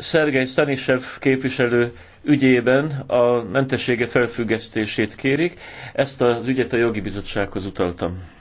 Szergej Stanisev képviselő ügyében a mentessége felfüggesztését kérik. Ezt az ügyet a jogi bizottsághoz utaltam.